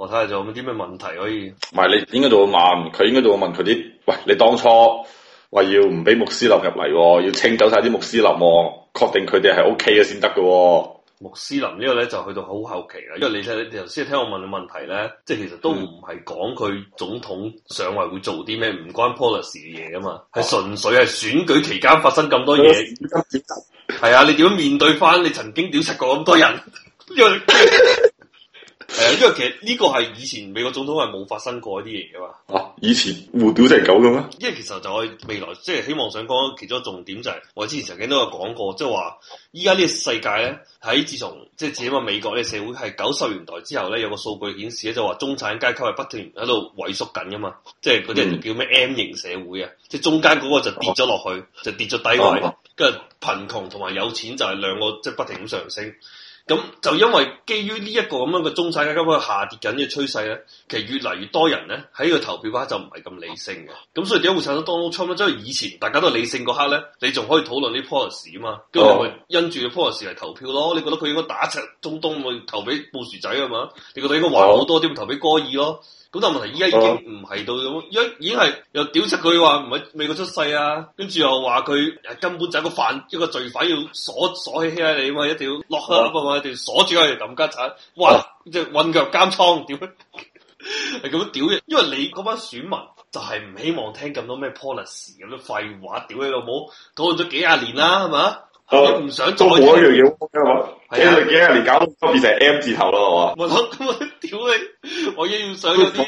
我睇下仲有冇啲咩問題可以？唔係你應該仲會問，佢應該仲會問佢啲。喂，你當初話要唔俾穆斯林入嚟，要清走晒啲穆斯林，確定佢哋係 O K 嘅先得嘅。穆斯林呢個咧就去到好後期啦，因為你頭先聽我問嘅問題咧，即係其實都唔係講佢總統上位會做啲咩唔關 policy 嘅嘢啊嘛，係純粹係選舉期間發生咁多嘢。係、嗯、 啊，你點樣面對翻你曾經屌殺過咁多人？因為 因為其實呢個係以前美國總統係冇發生過一啲嘢噶嘛啊，以前胡表成狗咁咩？因為其實就係未來即係希望想講，其中一個重點就係、是、我之前曾經都有講過，即係話依家呢個世界咧，喺自從即係自己話美國呢個社會係九十年代之後咧，有個數據顯示咧，就話中產階級係不斷喺度萎縮緊噶嘛，即係嗰啲叫咩 M 型社會啊，即係中間嗰個就跌咗落去，哦、就跌咗低位，跟住、哦、貧窮同埋有錢就係兩個即係不停咁上升。咁、嗯、就因為基於呢一個咁樣嘅中產階級嘅下跌緊嘅趨勢咧，其實越嚟越多人咧喺呢個投票嗰刻就唔係咁理性嘅，咁所以點解會產生當初乜即係以前大家都理性嗰刻咧，你仲可以討論啲 policy 啊嘛，跟住咪因住個 policy 嚟投票咯，你覺得佢應該打一場中東咪投俾布殊仔啊嘛，你覺得你應該還好多啲咪投俾戈爾咯？咁但問題依家已經唔係到咁，依家已經係又屌出佢話唔係美國出世啊，跟住又話佢係根本就係個犯一個罪犯要鎖鎖起希拉里啊嘛，一定要落去啊嘛，一定要鎖住佢嚟冚家鏟，哇！即係混入監倉，屌！係咁屌嘅，因為你嗰班選民就係唔希望聽咁多咩 policy 咁多廢話，屌你老母，討論咗幾廿年啦，係嘛？唔想做嗰樣嘢，因為、啊、幾日幾日連搞都變成 M 字頭啦，係嘛？ 我諗，我屌你，我一要想嗰啲。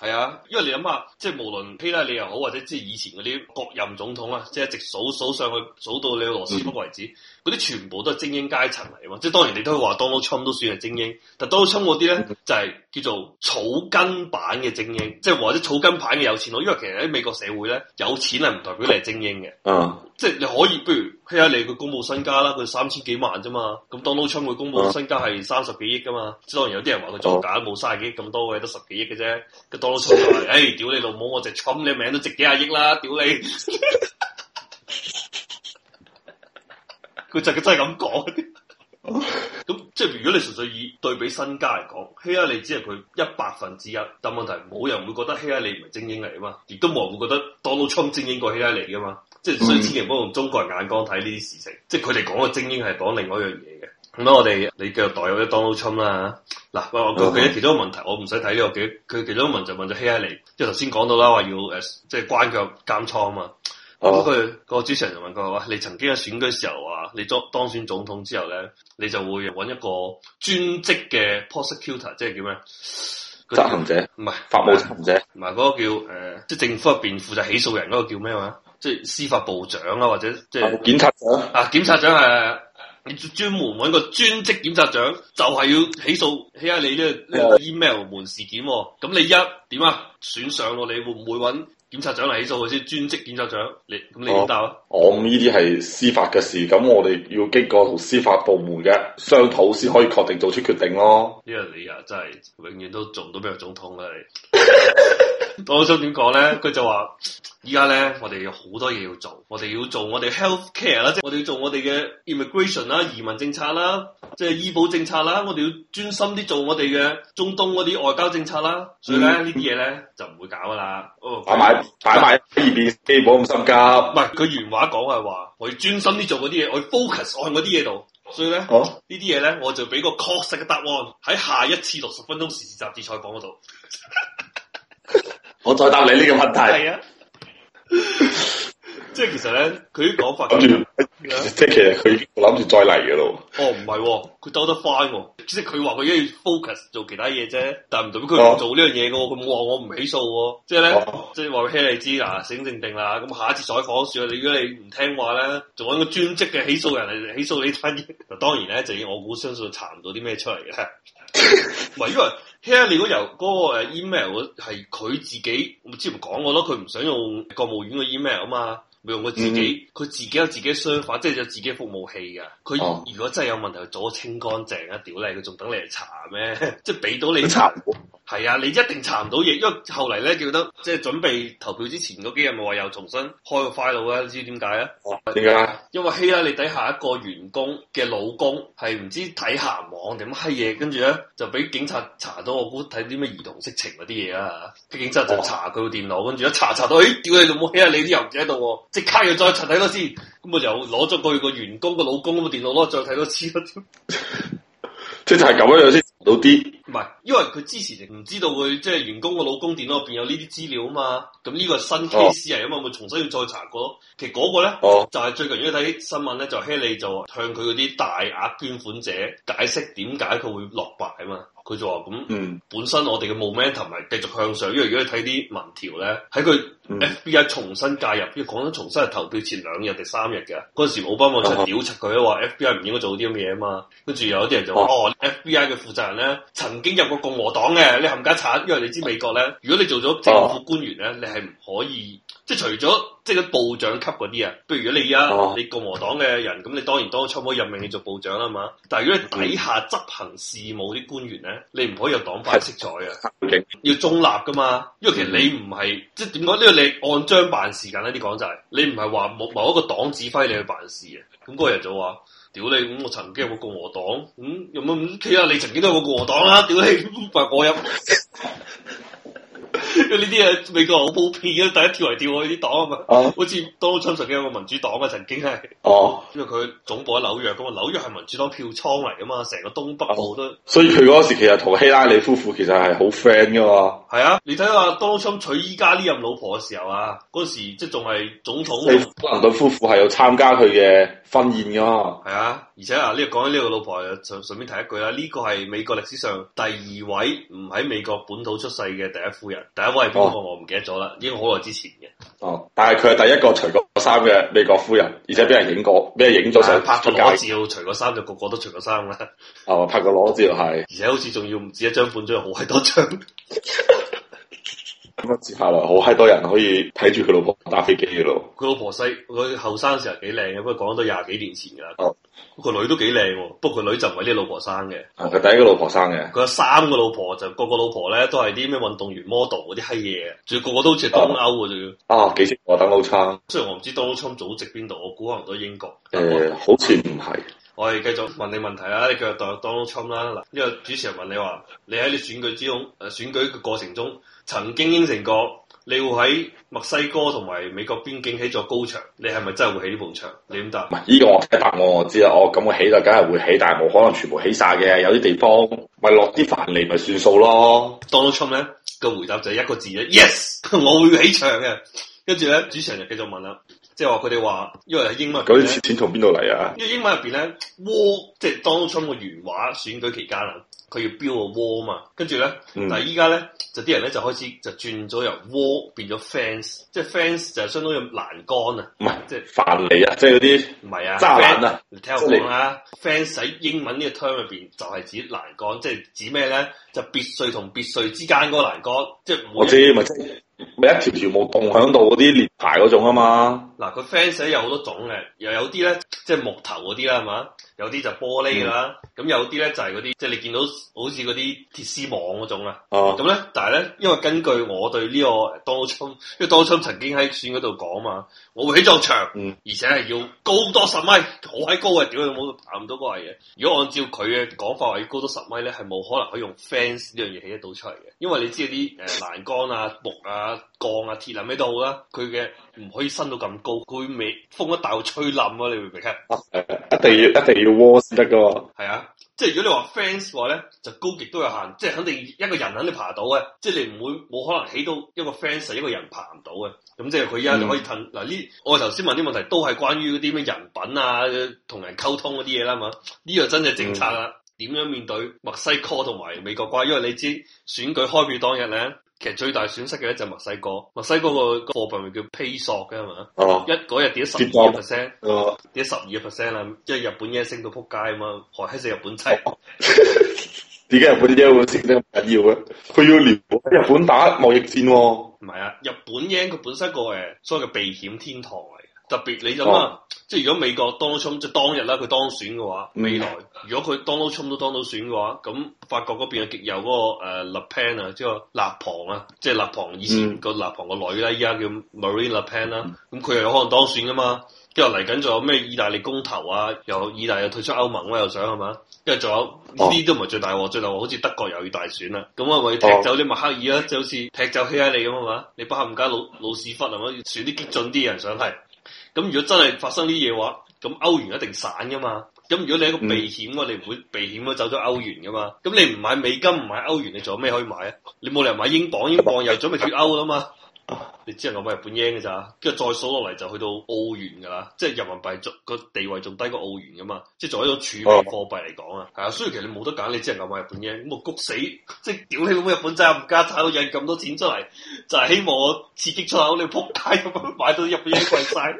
係啊，因為你諗下，即係無論希拉里又好，或者即係以前嗰啲國任總統啊，即係一直數數上去，數到你羅斯福為止，嗰啲、嗯、全部都係精英階層嚟喎。即、就、係、是、當然你都話 Donald Trump 都算係精英，但 Donald Trump 嗰啲咧就係、是。叫做草根版嘅精英，即係或者草根版嘅有錢佬。因為其實喺美國社會咧，有錢係唔代表你係精英嘅。Uh. 即係你可以，不如睇下你佢公布身家啦，佢三千幾萬啫嘛。咁 Donald Trump 佢公布身家係三十幾億噶嘛，即當然有啲人話佢作假，冇、uh. 三十幾億咁多嘅，得十幾億嘅啫。Donald Trump，誒，就是 hey, 屌你老母，我就蠢你名都值幾廿億啦，屌你！佢 就佢、是、真係咁講。咁即係如果你純粹以對比身家嚟講，希拉里只係佢一百分之一，但問題冇人會覺得希拉里唔係精英嚟噶嘛，亦都冇人會覺得 Donald Trump 精英過希拉里噶嘛，即係所以千祈唔好用中國人眼光睇呢啲事情，即係佢哋講嘅精英係講另外一樣嘢嘅。咁我哋你繼續代入啲 Donald Trump 啦，嗱，佢佢咧其中一個問題，我唔使睇呢個佢佢其中一個問題就問咗希拉里，即係頭先講到啦，話要誒即係關腳監倉啊嘛。嗰句、哦、個主持人就問佢話：你曾經喺選舉時候啊，你作當選總統之後咧，你就會揾一個專職嘅 prosecutor，即係叫咩執行者？唔係是是法務執行者，唔係嗰個叫誒、呃，即係政府入邊負責起訴人嗰個叫咩話？即係司法部長啊，或者即係檢察長啊？檢察長係你專門揾個專職檢察長，就係、是、要起訴起下你呢個 email 門事件。咁的你一點啊？選上咯，你會唔會揾？檢察長嚟起訴佢先，專職檢察長，你咁你點答啊？我咁呢啲係司法嘅事，咁我哋要經過同司法部門嘅商討先可以確定做出決定咯。呢個你啊，真係永遠都做唔到咩總統啦你。 我想點講咧？佢就話：依家咧，我哋有好多嘢要做，我哋要做我哋 health care 啦，即係我哋要做我哋嘅 immigration 啦、移民政策啦，即係醫保政策啦。我哋要專心啲做我哋嘅中東嗰啲外交政策啦。所以咧，嗯、呢啲嘢咧就唔會搞噶啦。哦，擺埋擺埋移民基金冇咁心急。唔係佢原話講係話，我要專心啲做嗰啲嘢，我要 focus 喺嗰啲嘢度。所以咧，哦、呢啲嘢咧，我就俾個確實嘅答案喺下一次六十分鐘時事雜誌採訪嗰度。 我再答你呢個問題。係啊，即係其實咧，佢啲講法諗住，即係 其實佢諗住再嚟嘅咯。哦，唔係、哦，佢兜得翻、哦，即係佢話佢而家要 focus 做其他嘢啫。但係唔代表佢唔做、哦就是、呢樣嘢嘅。佢冇話我唔起訴。即係咧，即係話俾你知嗱，醒定定啦。咁下一次採訪算啦。如果你唔聽話咧，做緊個專職嘅起訴人嚟起訴你，當然咧就要我估相信查唔到啲咩出嚟嘅。唔係因為。希拉里、啊，你嗰、由嗰個 email 係佢自己，我之前講過咯，佢唔想用國務院嘅 email 啊嘛，咪用佢自己，佢、嗯、自己有自己嘅 server，即係有自己服務器噶。佢如果真係有問題，早清乾淨啊屌你，佢仲等你嚟查咩？ 即係俾到你查。係、嗯、啊，你一定查唔到嘢，因為後嚟咧叫得即係準備投票之前嗰幾日冇話又重新開個 file 啊？知點解啊？點解？因為希拉里底下一個員工嘅老公係唔知睇下網乜閪嘢，跟住咧就俾警察查。我估睇啲咩兒童色情嗰啲嘢啊，畢竟真係查佢部電腦，哦、跟住一查查到，誒、哎，屌你老母，希啊，你啲游人喺度，即刻要再查睇多次，咁又攞咗佢個員工個老公個電腦咯，再睇多次咯，即係咁樣先到啲。唔係，因為佢之前唔知道佢即係員工個老公電腦入邊有呢啲資料啊嘛，咁呢個新 case 啊，咁我、哦、重新要再查過咯。其實嗰個咧，哦、就係最近如果睇新聞咧，就希拉里就向佢嗰啲大額捐款者解釋點解佢會落敗啊嘛。佢就話咁，嗯、本身我哋嘅 momentum 咪繼續向上，因為如果你睇啲民調咧，喺佢 FBI 重新介入，因為講緊重新係投票前兩日定三日嘅，嗰陣時奧巴馬就屌柒佢，話 FBI 唔應該做啲咁嘅嘢啊嘛，跟住有啲人就話、uh huh. 哦，FBI 嘅負責人咧曾經入過共和黨嘅，你冚家鏟，因為你知美國咧，如果你做咗政府官員咧，你係唔可以，uh huh. 即係除咗即係個部長級嗰啲啊，譬如如果你而、啊、家、uh huh. 你共和黨嘅人，咁你當然當初唔可以任命你做部長啦嘛，但係如果你底下執行事務啲官員咧，你唔可以有黨派色彩啊！要中立噶嘛，因為其實你唔係、嗯、即係點講呢個你按章辦事噶呢、啊？啲講就係你唔係話某某一個黨指揮你去辦事啊。咁、那、嗰、個、日就話，屌你！咁、嗯、我曾經有個共和黨，嗯，又乜？企下你曾經都有個共和黨啦、啊！屌你，咁發 因為呢啲嘢美國好普遍嘅，第一跳嚟跳去啲黨啊嘛，好似 Donald Trump 曾經有個民主黨啊，曾經係，啊、因為佢總部喺紐約，咁啊紐約係民主黨票倉嚟噶嘛，成個東北部都，啊、所以佢嗰時其實同希拉里夫婦其實係好 friend 噶嘛，係啊，你睇下 Donald Trump 娶依家呢任老婆嘅時候啊，嗰時即係仲係總統，佢夫婦係有參加佢嘅婚宴噶嘛，係啊。而且啊，呢、這個講緊呢個老婆，就順便提一句啦。呢、這個係美國歷史上第二位唔喺美國本土出世嘅第一夫人，第一位係邊個？哦、我唔記得咗啦，應該好耐之前嘅。哦，但係佢係第一個除過衫嘅美國夫人，而且俾人影過，俾人影咗相，拍咗照，除過衫就個個都除過衫啦。哦，拍個裸照係，而且好似仲要唔止一張半張，好係多張。 咁啊，接下嚟，好嗨多人可以睇住佢老婆打飛機嘅咯。佢老婆細，佢後生嘅時候幾靚嘅，不過講到廿幾年前噶啦。哦、啊，個女都幾靚，不過佢女就唔係啲老婆生嘅。啊，佢第一個老婆生嘅。佢有三個老婆，就個個老婆咧都係啲咩運動員 model 嗰啲嘿嘢，仲要個個都好似東歐啊，幾似我東歐雖然我唔知 Donald Trump 祖籍邊度，我估可能都係英國。誒、呃，好似唔係。我哋繼續問你問題啦，你今日當 Donald Trump 啦。嗱，呢個主持人問你話，你喺你選舉之中，選舉嘅過程中，曾經應承過，你會喺墨西哥同埋美國邊境起咗高牆，你係咪真係會起呢盤牆？你點答？唔係呢個我嘅答案我知啦，哦，咁我起就梗係會起，但係冇可能全部起晒嘅，有啲地方咪落啲繁泥咪算數咯。Donald Trump 咧嘅回答就係一個字啫，yes，我會起牆嘅。跟住咧，主持人就繼續問啦。即係話佢哋話，因為喺英文面，嗰啲錢從邊度嚟啊？因為英文入邊咧 wall 即係當春個原話，選舉期間啊，佢要標個 wall 嘛。跟住咧，嗯、但係依家咧就啲人咧就開始就轉咗由 wall 變咗 fence 即係 fence 就係相當於欄杆是、就是、啊。唔、就、係、是，即係藩籬啊，即係嗰啲唔係啊，柵欄啊。你聽我講啊的 fence 喺英文呢個 term 入邊就係指欄杆，即、就、係、是、指咩咧？就是、別墅同別墅之間嗰個欄杆，即、就、係、是、我知咪咪、就是、一條條冇洞響度嗰啲連排嗰種啊嘛。嗱，佢 fence 有好多種嘅，又有啲咧即係木頭嗰啲啦，係嘛？有啲就玻璃啦，咁、嗯、有啲咧就係嗰啲即係你見到好似嗰啲鐵絲網嗰種啦。哦，咁咧，但係咧，因為根據我對呢個 Donald Trump，因為 Donald Trump 曾經喺選嗰度講嘛，我會起座牆，嗯、而且係要，要高多十米，好閪高嘅，屌你冇打唔到個圍嘅。如果按照佢嘅講法話要高多十米咧，係冇可能可以用 fence 呢樣嘢起得到出嚟嘅，因為你知啲誒欄杆啊、木啊、鋼啊、鐵啊喺度啦，佢嘅唔可以伸到咁佢未風一竇吹冧啊！你明唔明啊？一定要，一定要窩先得嘅喎。係啊，即係如果你話 fans 嘅話咧，就高極都有限，即係肯定一個人肯定爬到嘅，即係你唔會冇可能起到一個 fans，一個人爬唔到嘅。咁即係佢而家就可以褪嗱呢。我頭先問啲問題都係關於啲咩人品啊，同人溝通嗰啲嘢啦嘛。呢個真係政策啊，點樣面對墨西哥同埋美國瓜？因為你知選舉開票當日咧。其實最大損失嘅咧，就墨西哥，墨西哥個貨幣名叫 peso 嘅係嘛？哦，一嗰日跌咗十二個 percent，跌咗十二個 percent 啦。即係日本嘢升到扑街啊嘛，害死日本仔，點解日本嘢會升得咁緊要嘅？佢要連日本打貿易戰喎。唔係啊，日本嘢佢本身個誒，所謂嘅避險天堂嚟。特別你諗啊，oh. 即係如果美國 Donald Trump 即係當日啦，佢當選嘅話，mm. 未來如果佢 Donald Trump 都當到選嘅話，咁法國嗰邊又極右嗰、那個立、uh, Le Pen 啊，即係勒旁啊，即係勒旁以前個立旁個女啦，依家、mm. 叫 Marine Le Pen 啦、啊，咁佢又可能當選噶嘛？跟住嚟緊仲有咩意大利公投啊？又意大利退出歐盟啦、啊，又想係嘛？跟住仲有呢啲、oh. 都唔係最大鑊，最大鑊好似德國又要大選啦、啊。咁係咪踢走啲默、oh. 克爾啊？就好似踢走希拉里咁係嘛？你不堪唔加老老屎忽係嘛？選啲激進啲人上嚟。咁如果真係發生啲嘢嘅話，咁歐元一定散噶嘛。咁如果你係一個避險嘅你唔會避險咯，走咗歐元噶嘛。咁你唔買美金，唔買歐元，你仲有咩可以買啊？你冇理由買英鎊，英鎊又準備脱歐啊嘛。你只能夠買日本英嘅咋，跟住再數落嚟就去到澳元噶啦，即係人民幣仲個地位仲低過澳元噶嘛，即係作為一種儲備貨幣嚟講啊，係啊、哦，所以其實你冇得揀，你只能夠買日本英。咁我谷死，即係屌你老母日本仔啊，冚家鏟印咁多錢出嚟，就係、是、希望我刺激出口，你仆街咁買到日本英 e 貴晒，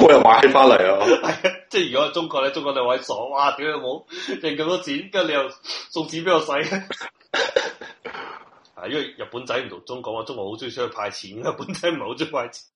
我又買翻嚟啊，係啊， 即係如果係中國咧，中國兩位傻，哇，屌你老母，印咁多錢，跟住你又送錢俾我使。 因為日本仔唔同中國話，中國好中意出去派錢，日本仔唔係好中意派錢。